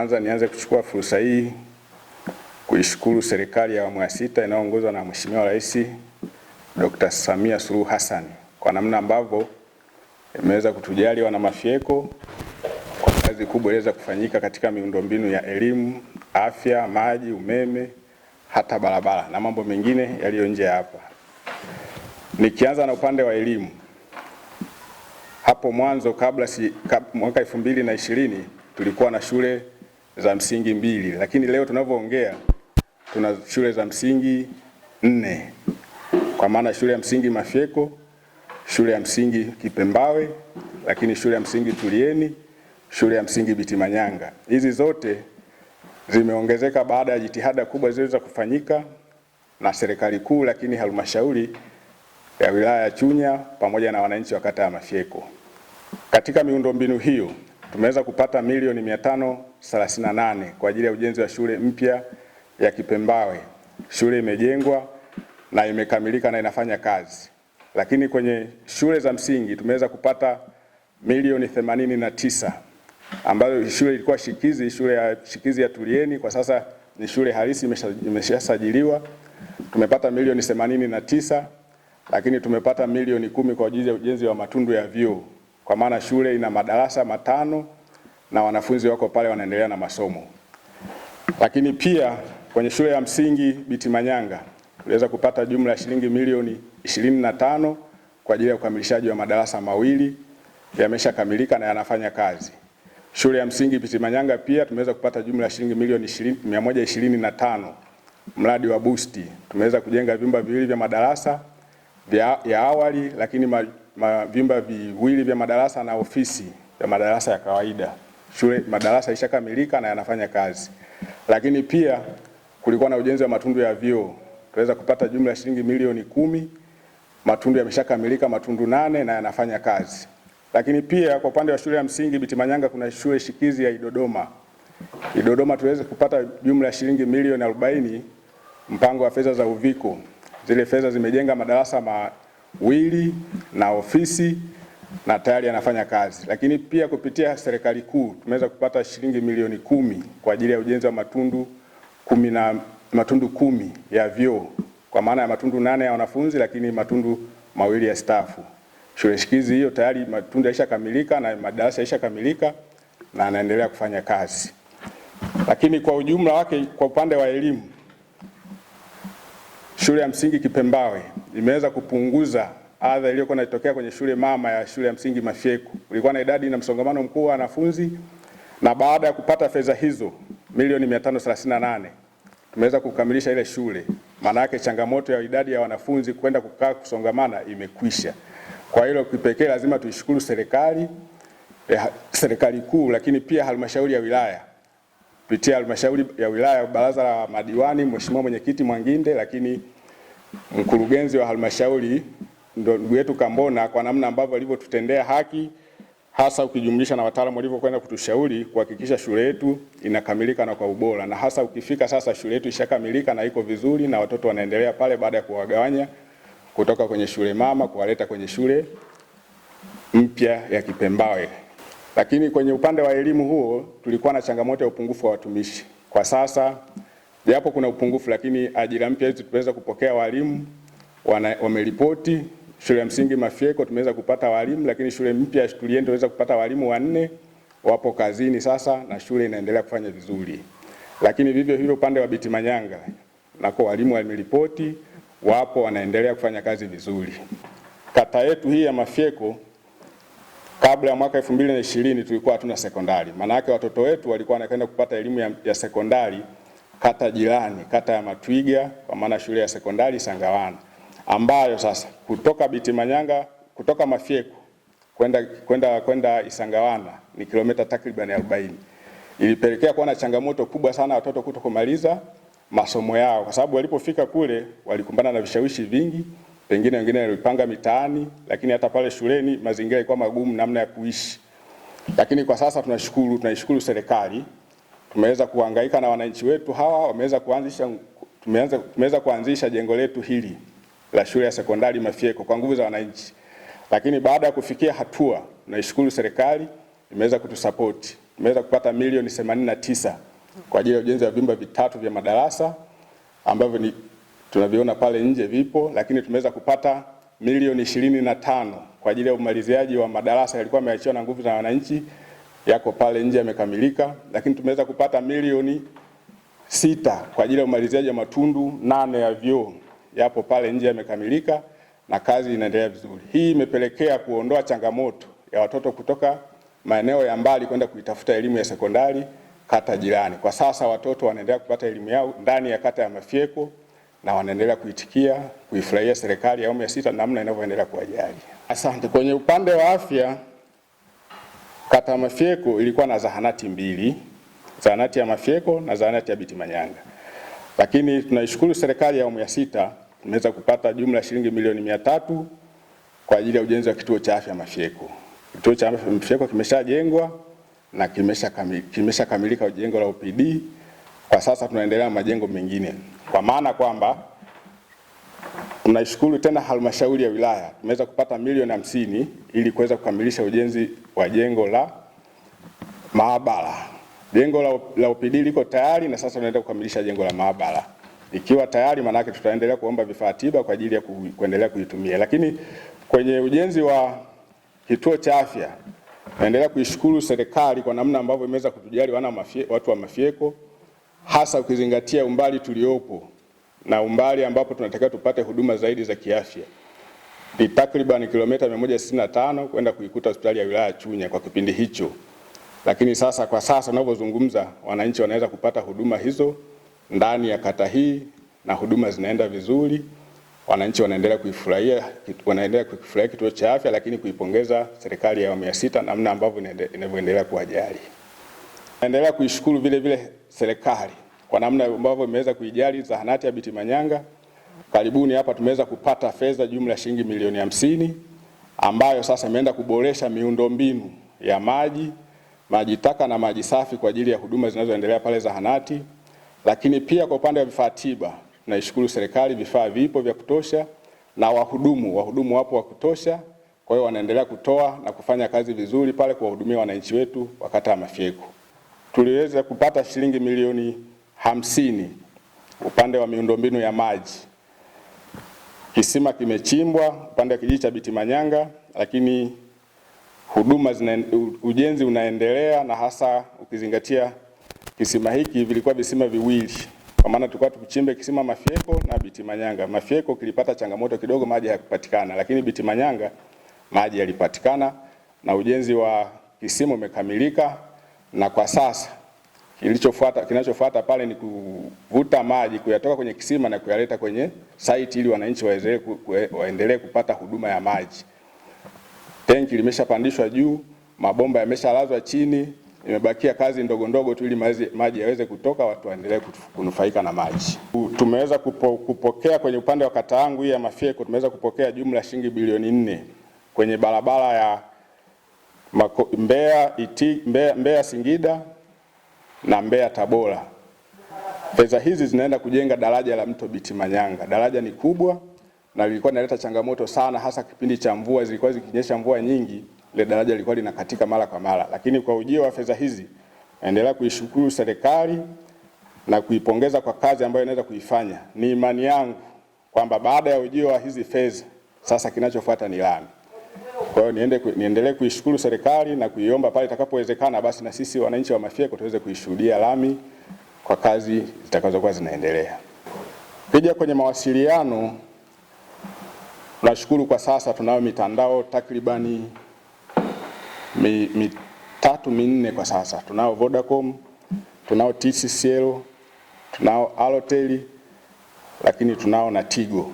Kwanza nianze kuchukua fursa hii kuishukuru serikali ya awamu ya sita inayoongozwa na Mheshimiwa Rais Dr. Samia Suluhu Hassan kwa namna ambavyo imeweza kutujali wana Mafyeko kwa kazi kubwa iliweza kufanyika katika miundombinu ya elimu, afya, maji, umeme, hata barabara na mambo mengine yaliyo nje hapa. Nikianza na upande wa elimu, hapo mwanzo kabla si, kab, mwaka elfu mbili na ishirini tulikuwa na shule za msingi mbili, lakini leo tunavyoongea tuna shule za msingi nne, kwa maana shule ya msingi Mafyeko, shule ya msingi Kipembawe, lakini shule ya msingi Tulieni, shule ya msingi Bitimanyanga. Hizi zote zimeongezeka baada ya jitihada kubwa zilizoweza kufanyika na serikali kuu, lakini halmashauri ya wilaya ya Chunya pamoja na wananchi wa kata ya Mafyeko. Katika miundombinu hiyo tumeweza kupata milioni mia tano 38 kwa ajili ya ujenzi wa shule mpya ya Kipembawe. Shule imejengwa na imekamilika na inafanya kazi, lakini kwenye shule za msingi tumeweza kupata milioni themanini tisa ambayo shule ilikuwa shikizi, shule ya shikizi ya Tulieni kwa sasa ni shule halisi imeshasajiliwa. Tumepata milioni themanini tisa lakini tumepata milioni kumi kwa ajili ya ujenzi wa matundu ya vyoo, kwa maana shule ina madarasa matano na wanafunzi wako pale wanaendelea na masomo. Lakini pia kwenye shule ya msingi Bitimanyanga tuliweza kupata jumla ya shilingi milioni 25 kwa ajili ya ukamilishaji wa madarasa mawili yameshakamilika na yanafanya kazi. Shule ya msingi Bitimanyanga pia tumeweza kupata jumla ya shilingi milioni 125 mradi wa busti. Tumeweza kujenga vyumba viwili vya madarasa vya ya awali, lakini ma, ma, vyumba viwili vya madarasa na ofisi ya madarasa ya kawaida shule madarasa ishakamilika na yanafanya kazi, lakini pia kulikuwa na ujenzi wa matundu ya vyoo, tuweza kupata jumla ya shilingi milioni kumi. Matundu yameshakamilika matundu nane na yanafanya kazi. Lakini pia kwa upande wa shule ya msingi Bitimanyanga kuna shule shikizi ya Idodoma. Idodoma tuweze kupata jumla ya shilingi milioni arobaini mpango wa fedha za Uviko. Zile fedha zimejenga madarasa mawili na ofisi na tayari anafanya kazi, lakini pia kupitia serikali kuu tumeweza kupata shilingi milioni kumi kwa ajili ya ujenzi wa matundu kumi na matundu kumi ya vyoo kwa maana ya matundu nane ya wanafunzi, lakini matundu mawili ya stafu. Shule shikizi hiyo tayari matundu yaishakamilika na madarasa yalishakamilika na anaendelea kufanya kazi. Lakini kwa ujumla wake, kwa upande wa elimu, shule ya msingi Kipembawe imeweza kupunguza adha iliyokuwa inatokea kwenye shule mama ya shule ya msingi Mafyeku. Ulikuwa na idadi na msongamano mkuu wa wanafunzi, na baada ya kupata fedha hizo milioni 538 tumeweza kukamilisha ile shule. Maana yake changamoto ya idadi ya wanafunzi kwenda kukaa kusongamana imekwisha. Kwa hilo kipekee lazima tuishukuru serikali eh, serikali kuu, lakini pia halmashauri ya wilaya kupitia halmashauri ya wilaya, baraza la madiwani, mheshimiwa mwenyekiti Mwanginde, lakini mkurugenzi wa halmashauri ndo ndugu yetu Kambona kwa namna ambavyo alivyotutendea haki, hasa ukijumlisha na wataalamu walivyokwenda kutushauri kuhakikisha shule yetu inakamilika na kwa ubora, na hasa ukifika sasa shule yetu ishakamilika na iko vizuri na watoto wanaendelea pale, baada ya kuwagawanya kutoka kwenye shule mama kuwaleta kwenye shule mpya ya Kipembawe. Lakini kwenye upande wa elimu huo tulikuwa na changamoto ya upungufu wa watumishi. Kwa sasa japo kuna upungufu, lakini ajira mpya hizi tumeweza kupokea walimu wameripoti Shule ya msingi Mafyeko tumeweza kupata walimu, lakini shule mpya tulienda tunaweza kupata walimu wanne, wapo kazini sasa na shule inaendelea kufanya vizuri. Lakini vivyo hivyo upande wa Bitimanyanga nako walimu wameripoti, wapo wanaendelea kufanya kazi vizuri. Kata yetu hii ya Mafyeko kabla ya mwaka 2020 tulikuwa hatuna sekondari. Maana yake watoto wetu walikuwa wanakwenda kupata elimu ya, ya sekondari kata jirani, kata ya Matwiga kwa maana shule ya sekondari Sangawana ambayo sasa kutoka Bitimanyanga kutoka Mafyeku kwenda kwenda kwenda Isangawana ni kilomita takriban 40. Ilipelekea kuwa na changamoto kubwa sana watoto kutokumaliza masomo yao, kwa sababu walipofika kule walikumbana na vishawishi vingi, pengine wengine walipanga mitaani, lakini hata pale shuleni mazingira yalikuwa magumu namna ya kuishi. Lakini kwa sasa tunashukuru, tunaishukuru serikali, tumeweza kuhangaika na wananchi wetu hawa, wameweza kuanzisha tumeanza tumeweza kuanzisha jengo letu hili la shule ya sekondari Mafyeko kwa nguvu za wananchi, lakini baada ya kufikia hatua, naishukuru serikali imeweza kutusapoti, imeweza kupata milioni 89 kwa ajili ya ujenzi wa vyumba vitatu vya madarasa ambavyo ni tunaviona pale nje vipo, lakini tumeweza kupata milioni ishirini na tano kwa ajili ya umaliziaji wa madarasa yalikuwa yameachiwa na nguvu za wananchi, yako pale nje yamekamilika, lakini tumeweza kupata milioni sita kwa ajili ya umaliziaji wa matundu nane ya vyoo yapo pale nje yamekamilika na kazi inaendelea vizuri. Hii imepelekea kuondoa changamoto ya watoto kutoka maeneo ya mbali kwenda kuitafuta elimu ya sekondari kata jirani. Kwa sasa watoto wanaendelea kupata elimu yao ndani ya kata ya Mafyeko na wanaendelea kuitikia kuifurahia serikali ya awamu ya sita namna inavyoendelea kuwajali. Asante. Kwenye upande wa afya, kata ya Mafyeko ilikuwa na zahanati mbili, zahanati ya Mafyeko na zahanati ya Bitimanyanga. Lakini tunaishukuru serikali ya awamu ya sita tumeweza kupata jumla ya shilingi milioni mia tatu kwa ajili ya ujenzi wa kituo cha afya Mafyeko. Kituo cha afya Mafyeko kimeshajengwa na kimeshakamilika kimesha jengo la OPD. Kwa sasa tunaendelea na majengo mengine, kwa maana kwamba tunaishukuru tena halmashauri ya wilaya tumeweza kupata milioni hamsini ili kuweza kukamilisha ujenzi wa jengo la maabara. Jengo la, la OPD liko tayari na sasa tunaenda kukamilisha jengo la maabara. Ikiwa tayari, maanake tutaendelea kuomba vifaa tiba kwa ajili ya ku, kuendelea kuitumia. Lakini kwenye ujenzi wa kituo cha afya naendelea kuishukuru serikali kwa namna ambavyo imeweza kutujali wana mafie, watu wa Mafieko, hasa ukizingatia umbali tuliopo na umbali ambapo tunatakiwa tupate huduma zaidi za kiafya ni takriban kilomita 165 kwenda kuikuta hospitali ya wilaya Chunya kwa kipindi hicho. Lakini sasa kwa sasa unavyozungumza, wananchi wanaweza kupata huduma hizo ndani ya kata hii na huduma zinaenda vizuri, wananchi wanaendelea kuifurahia, wanaendelea kukifurahia kituo cha afya, lakini kuipongeza serikali ya awamu ya sita namna ambavyo inavyoendelea kuwajali. Naendelea kuishukuru vile vile serikali kwa namna ambavyo imeweza kuijali zahanati ya Bitimanyanga. Karibuni hapa tumeweza kupata fedha jumla shilingi milioni hamsini ambayo sasa imeenda kuboresha miundombinu ya maji maji taka na maji safi kwa ajili ya huduma zinazoendelea pale zahanati. Lakini pia kwa upande wa vifaa tiba, naishukuru serikali, vifaa vipo vya kutosha na wahudumu, wahudumu wapo wa kutosha. Kwa hiyo wanaendelea kutoa na kufanya kazi vizuri pale kuwahudumia wananchi wetu wa kata ya Tuliweza kupata shilingi milioni hamsini upande wa miundombinu ya maji. Kisima kimechimbwa upande wa kijiji cha Bitimanyanga lakini huduma zina, ujenzi unaendelea na hasa ukizingatia kisima hiki vilikuwa visima viwili, kwa maana tulikuwa tukichimbe kisima Mafyeko na Bitimanyanga. Mafyeko kilipata changamoto kidogo, maji hayakupatikana, lakini Bitimanyanga maji yalipatikana na ujenzi wa kisima umekamilika, na kwa sasa kilichofuata kinachofuata pale ni kuvuta maji kuyatoka kwenye kisima na kuyaleta kwenye site ili wananchi waendelee kupata huduma ya maji. Tenki limeshapandishwa juu, mabomba yameshalazwa chini, imebakia kazi ndogo ndogo tu ili maji yaweze kutoka, watu waendelee kunufaika na maji. Tumeweza kupo, kupokea kwenye upande wa kata yangu hii ya Mafyeko tumeweza kupokea jumla shilingi bilioni nne kwenye barabara ya Mako, Mbeya, iti, Mbeya, Mbeya Singida na Mbeya Tabora. Fedha hizi zinaenda kujenga daraja la mto Bitimanyanga. Daraja ni kubwa na ilikuwa inaleta changamoto sana, hasa kipindi cha mvua, zilikuwa zikinyesha mvua nyingi, ile daraja lilikuwa linakatika mara kwa mara. Lakini kwa ujio wa fedha hizi, endelea kuishukuru serikali na kuipongeza kwa kazi ambayo inaweza kuifanya. Ni imani yangu kwamba baada ya ujio wa hizi fedha, sasa kinachofuata ni lami. Kwa hiyo niende niendelee kuishukuru serikali na kuiomba pale itakapowezekana, basi na sisi wananchi wa Mafyeko tuweze kuishuhudia lami kwa kazi zitakazokuwa zinaendelea. Kija kwenye mawasiliano Nashukuru kwa sasa tunayo mitandao takribani mitatu mi minne kwa sasa. Tunao Vodacom, tunao TCCL, tunao Alotel lakini tunao na Tigo.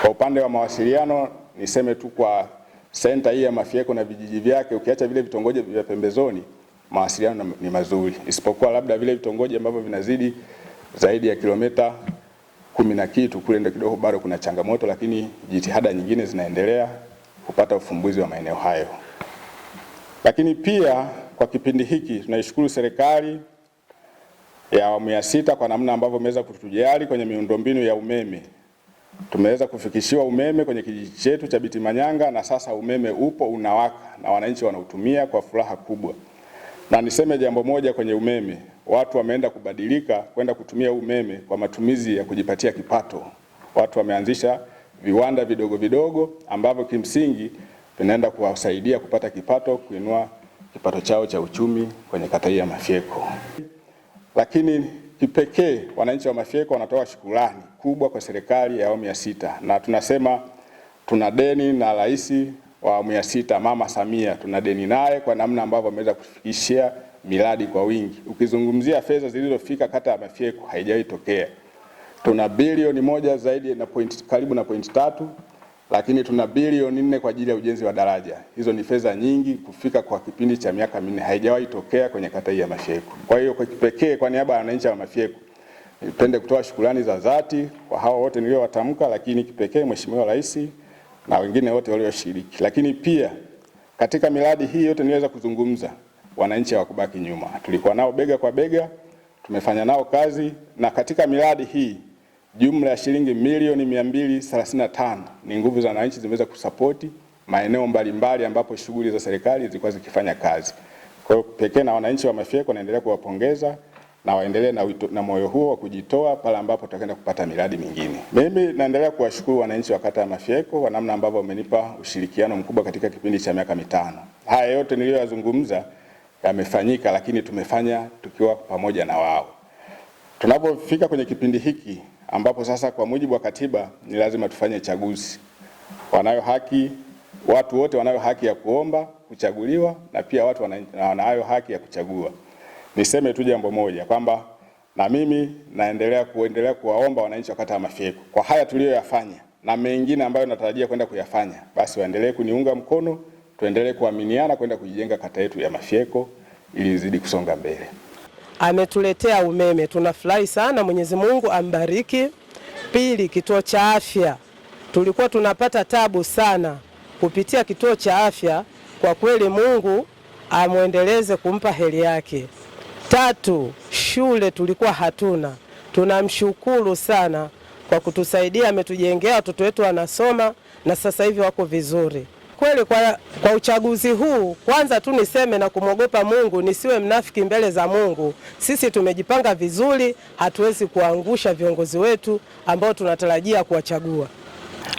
Kwa upande wa mawasiliano niseme tu kwa senta hii ya Mafieko na vijiji vyake, ukiacha vile vitongoji vya pembezoni, mawasiliano ni mazuri, isipokuwa labda vile vitongoji ambavyo vinazidi zaidi ya kilomita kumi na kitu kule ndio kidogo bado kuna changamoto, lakini jitihada nyingine zinaendelea kupata ufumbuzi wa maeneo hayo. Lakini pia kwa kipindi hiki tunaishukuru serikali ya awamu ya sita kwa namna ambavyo imeweza kutujali kwenye miundombinu ya umeme. Tumeweza kufikishiwa umeme kwenye kijiji chetu cha Bitimanyanga na sasa umeme upo unawaka na wananchi wanautumia kwa furaha kubwa. Na niseme jambo moja kwenye umeme, watu wameenda kubadilika kwenda kutumia umeme kwa matumizi ya kujipatia kipato. Watu wameanzisha viwanda vidogo vidogo ambavyo kimsingi vinaenda kuwasaidia kupata kipato, kuinua kipato chao cha uchumi kwenye kata hii ya Mafyeko. Lakini kipekee wananchi wa Mafyeko wanatoa shukrani kubwa kwa serikali ya awamu ya sita, na tunasema tuna deni na rais wa awamu ya sita Mama Samia, tuna deni naye kwa namna ambavyo ameweza kufikishia miradi kwa wingi. Ukizungumzia fedha zilizofika kata ya Mafyeko haijawahi tokea. Tuna bilioni moja zaidi na point, karibu na point tatu, lakini tuna bilioni nne kwa ajili ya ujenzi wa daraja. Hizo ni fedha nyingi kufika kwa kipindi cha miaka minne, haijawahi tokea kwenye kata hii ya Mafyeko. Kwa hiyo kwa kipekee, kwa niaba ya wananchi wa Mafyeko nipende kutoa shukrani za dhati kwa hawa wote niliowatamka, lakini kipekee Mheshimiwa Rais na wengine wote walioshiriki. Lakini pia katika miradi hii yote niliweza kuzungumza wananchi hawakubaki nyuma. Tulikuwa nao bega kwa bega, tumefanya nao kazi, na katika miradi hii jumla ya shilingi milioni 235 ni nguvu za wananchi zimeweza kusapoti maeneo mbalimbali ambapo shughuli za serikali zilikuwa zikifanya kazi. Kwa hiyo pekee na wananchi wa Mafyeko naendelea kuwapongeza na waendelee na, na moyo huo wa kujitoa pale ambapo tutakwenda kupata miradi mingine. Mimi naendelea kuwashukuru wananchi wa kata ya Mafyeko kwa namna ambavyo wamenipa ushirikiano mkubwa katika kipindi cha miaka mitano. Haya yote niliyoyazungumza yamefanyika, lakini tumefanya tukiwa pamoja na wao. Tunapofika kwenye kipindi hiki ambapo sasa kwa mujibu wa katiba ni lazima tufanye chaguzi, wanayo haki watu wote wanayo haki ya kuomba kuchaguliwa na pia watu wana, wanayo haki ya kuchagua. Niseme tu jambo moja kwamba na mimi naendelea kuendelea kuwaomba wananchi wa kata ya Mafyeko kwa haya tuliyoyafanya na mengine ambayo natarajia kwenda kuyafanya, basi waendelee kuniunga mkono tuendelee kuaminiana kwenda kujijenga kata yetu ya Mafyeko ili izidi kusonga mbele. Ametuletea umeme, tunafurahi sana. Mwenyezi Mungu ambariki. Pili, kituo cha afya, tulikuwa tunapata tabu sana kupitia kituo cha afya. Kwa kweli Mungu amwendeleze kumpa heri yake. Tatu, shule tulikuwa hatuna. Tunamshukuru sana kwa kutusaidia, ametujengea, watoto wetu wanasoma na sasa hivi wako vizuri kweli kwa, kwa uchaguzi huu kwanza tu niseme na kumwogopa Mungu, nisiwe mnafiki mbele za Mungu. Sisi tumejipanga vizuri, hatuwezi kuangusha viongozi wetu ambao tunatarajia kuwachagua.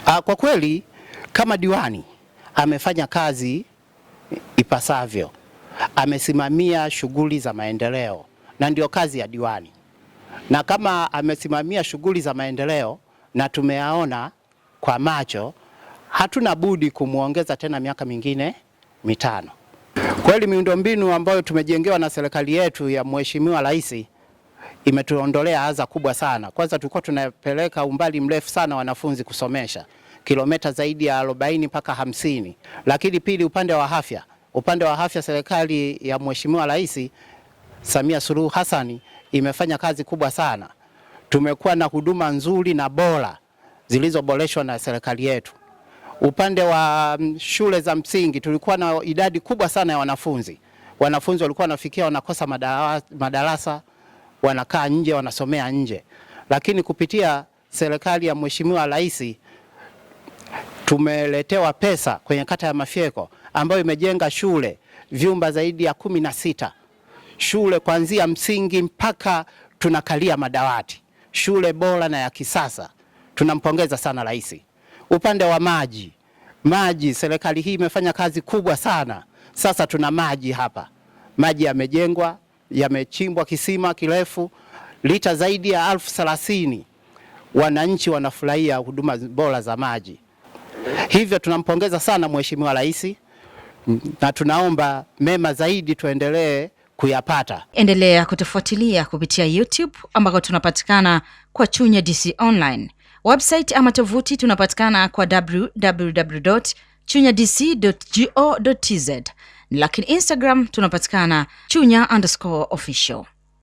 Ah, kwa kweli kama diwani amefanya kazi ipasavyo, amesimamia shughuli za maendeleo, na ndio kazi ya diwani. Na kama amesimamia shughuli za maendeleo na tumeyaona kwa macho hatuna budi kumwongeza tena miaka mingine mitano. Kweli miundombinu ambayo tumejengewa na serikali yetu ya Mheshimiwa Rais imetuondolea adha kubwa sana. Kwanza tulikuwa tunapeleka umbali mrefu sana wanafunzi kusomesha kilomita zaidi ya 40 mpaka hamsini. Lakini pili, upande wa afya, upande wa afya serikali ya Mheshimiwa Rais Samia Suluhu Hassan imefanya kazi kubwa sana. Tumekuwa na huduma nzuri na bora zilizoboreshwa na serikali yetu. Upande wa mm, shule za msingi tulikuwa na idadi kubwa sana ya wanafunzi. Wanafunzi walikuwa wanafikia wanakosa madarasa, wanakaa nje, wanasomea nje, lakini kupitia serikali ya Mheshimiwa Rais tumeletewa pesa kwenye kata ya Mafyeko ambayo imejenga shule vyumba zaidi ya kumi na sita shule kuanzia msingi mpaka tunakalia madawati, shule bora na ya kisasa. Tunampongeza sana rais. Upande wa maji, maji serikali hii imefanya kazi kubwa sana. Sasa tuna maji hapa, maji yamejengwa, yamechimbwa kisima kirefu lita zaidi ya elfu thelathini. Wananchi wanafurahia huduma bora za maji, hivyo tunampongeza sana Mheshimiwa Rais na tunaomba mema zaidi tuendelee kuyapata. Endelea kutufuatilia kupitia YouTube ambako tunapatikana kwa Chunya DC Online. Website ama tovuti tunapatikana kwa www chunya dc go tz, lakini Instagram tunapatikana chunya underscore official.